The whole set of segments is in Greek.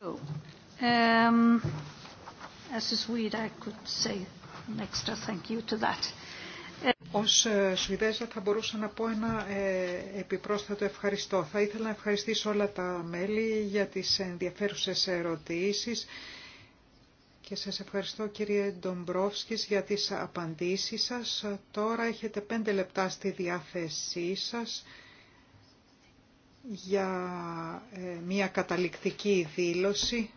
Um, Ως Σουηδέζα θα μπορούσα να πω ένα ε, επιπρόσθετο ευχαριστώ. Θα ήθελα να ευχαριστήσω όλα τα μέλη για τις ενδιαφέρουσες ερωτήσεις και σας ευχαριστώ κύριε Ντομπρόφσκης για τις απαντήσεις σας. Τώρα έχετε πέντε λεπτά στη διάθεσή σας για ε, μια καταληκτική δήλωση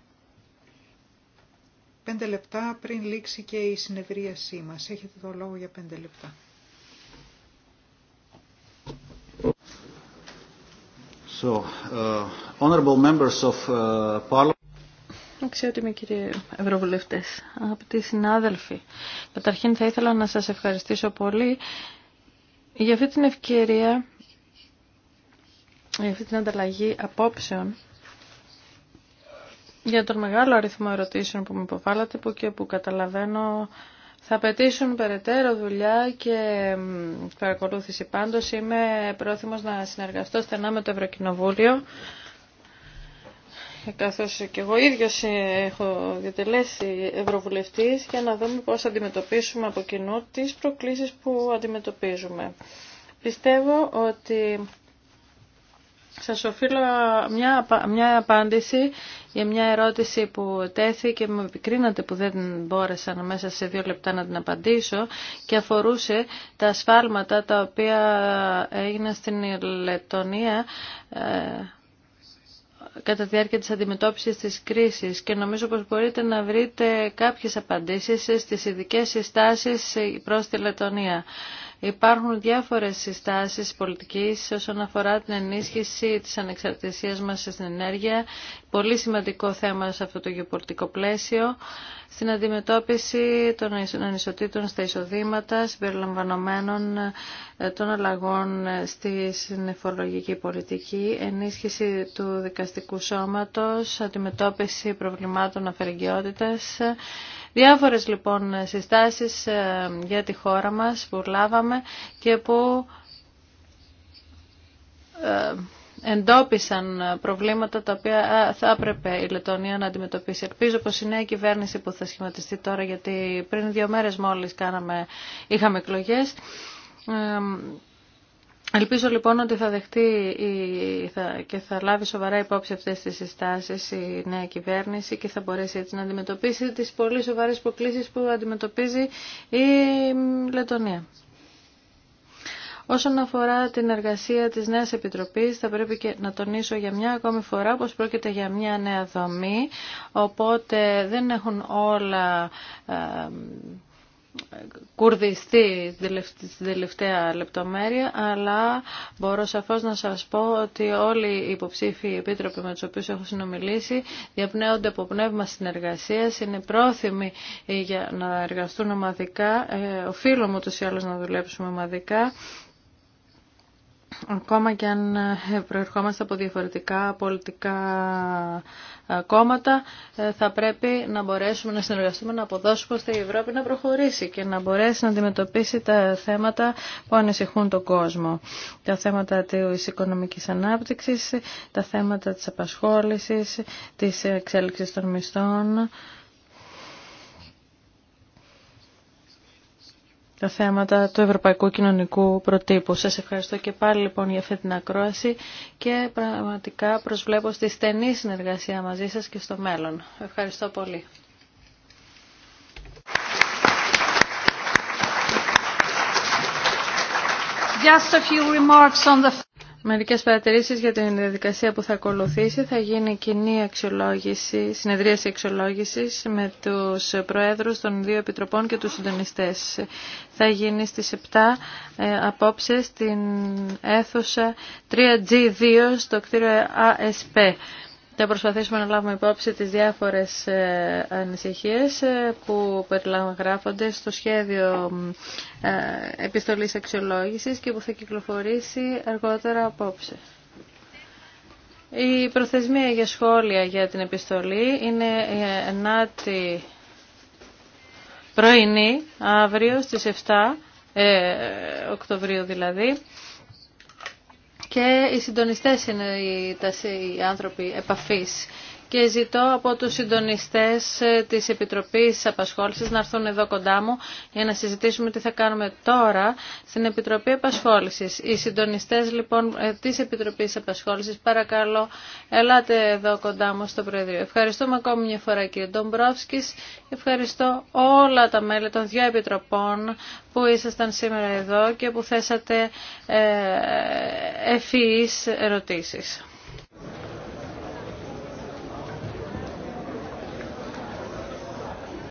πέντε λεπτά πριν λήξει και η συνεδρίασή μας. Έχετε το λόγο για πέντε λεπτά. So, uh, honorable members of uh, Parliament. κύριε Ευρωβουλευτές, αγαπητοί συνάδελφοι, καταρχήν θα ήθελα να σας ευχαριστήσω πολύ για αυτή την ευκαιρία για ε, αυτή την ανταλλαγή απόψεων για τον μεγάλο αριθμό ερωτήσεων που με υποβάλλατε που και που καταλαβαίνω θα απαιτήσουν περαιτέρω δουλειά και παρακολούθηση. Πάντως είμαι πρόθυμος να συνεργαστώ στενά με το Ευρωκοινοβούλιο καθώς και εγώ ίδιος ε, έχω διατελέσει ευρωβουλευτής για να δούμε πώς θα αντιμετωπίσουμε από κοινού τις προκλήσεις που αντιμετωπίζουμε. Πιστεύω ότι σας οφείλω μια, απάντηση για μια ερώτηση που τέθη και με επικρίνατε που δεν μπόρεσα μέσα σε δύο λεπτά να την απαντήσω και αφορούσε τα ασφάλματα τα οποία έγιναν στην Λετωνία ε, κατά τη διάρκεια της αντιμετώπισης της κρίσης και νομίζω πως μπορείτε να βρείτε κάποιες απαντήσεις στις ειδικές συστάσεις προς τη Λετωνία. Υπάρχουν διάφορες συστάσεις πολιτικής όσον αφορά την ενίσχυση της ανεξαρτησίας μας στην ενέργεια. Πολύ σημαντικό θέμα σε αυτό το γεωπολιτικό πλαίσιο. Στην αντιμετώπιση των ανισοτήτων στα εισοδήματα συμπεριλαμβανομένων ε, των αλλαγών ε, στη συνεφορολογική πολιτική, ενίσχυση του δικαστικού σώματος, αντιμετώπιση προβλημάτων αφαιρεγγιότητας, Διάφορες λοιπόν συστάσεις ε, για τη χώρα μας που λάβαμε και που ε, εντόπισαν προβλήματα τα οποία ε, θα έπρεπε η Λετωνία να αντιμετωπίσει. Ελπίζω πως η νέα κυβέρνηση που θα σχηματιστεί τώρα, γιατί πριν δύο μέρες μόλις κάναμε, είχαμε εκλογές, ε, Ελπίζω λοιπόν ότι θα δεχτεί και θα λάβει σοβαρά υπόψη αυτές τις συστάσεις η νέα κυβέρνηση και θα μπορέσει έτσι να αντιμετωπίσει τις πολύ σοβαρές προκλήσεις που αντιμετωπίζει η Λετωνία. Όσον αφορά την εργασία της νέας Επιτροπής, θα πρέπει και να τονίσω για μια ακόμη φορά πως πρόκειται για μια νέα δομή, οπότε δεν έχουν όλα κουρδιστεί στην τελευταία λεπτομέρεια, αλλά μπορώ σαφώς να σας πω ότι όλοι οι υποψήφοι επίτροποι με τους οποίους έχω συνομιλήσει διαπνέονται από πνεύμα συνεργασίας, είναι πρόθυμοι για να εργαστούν ομαδικά, ε, οφείλω μου τους ή άλλως να δουλέψουμε ομαδικά ακόμα και αν ε, προερχόμαστε από διαφορετικά πολιτικά ε, κόμματα, ε, θα πρέπει να μπορέσουμε να συνεργαστούμε, να αποδώσουμε ώστε η Ευρώπη να προχωρήσει και να μπορέσει να αντιμετωπίσει τα θέματα που ανησυχούν τον κόσμο. Τα θέματα της οικονομικής ανάπτυξης, τα θέματα της απασχόλησης, της εξέλιξης των μισθών, τα θέματα του Ευρωπαϊκού Κοινωνικού Προτύπου. Σας ευχαριστώ και πάλι λοιπόν για αυτή την ακρόαση και πραγματικά προσβλέπω στη στενή συνεργασία μαζί σας και στο μέλλον. Ευχαριστώ πολύ. Just a few remarks on the... Μερικές παρατηρήσει για την διαδικασία που θα ακολουθήσει. Θα γίνει κοινή αξιολόγηση, συνεδρίαση αξιολόγηση με τους Προέδρους των δύο Επιτροπών και τους συντονιστέ. Θα γίνει στις 7 ε, απόψε στην αίθουσα 3G2 στο κτίριο ASP. Θα προσπαθήσουμε να λάβουμε υπόψη τις διάφορες ε, ανησυχίες ε, που περιλαμβάνονται στο σχέδιο ε, επιστολής αξιολόγησης και που θα κυκλοφορήσει αργότερα απόψε. Η προθεσμία για σχόλια για την επιστολή είναι πρωινή, αύριο στις 7 Οκτωβρίου δηλαδή, και οι συντονιστές είναι οι, οι άνθρωποι επαφής και ζητώ από τους συντονιστές ε, της Επιτροπής Απασχόλησης να έρθουν εδώ κοντά μου για να συζητήσουμε τι θα κάνουμε τώρα στην Επιτροπή Απασχόλησης. Οι συντονιστές λοιπόν ε, της Επιτροπής Απασχόλησης παρακαλώ ελάτε εδώ κοντά μου στο Προεδρείο. Ευχαριστούμε ακόμη μια φορά κύριε Ντομπρόφσκης. Ευχαριστώ όλα τα μέλη των δύο επιτροπών που ήσασταν σήμερα εδώ και που θέσατε ε, ευφυείς ερωτήσεις.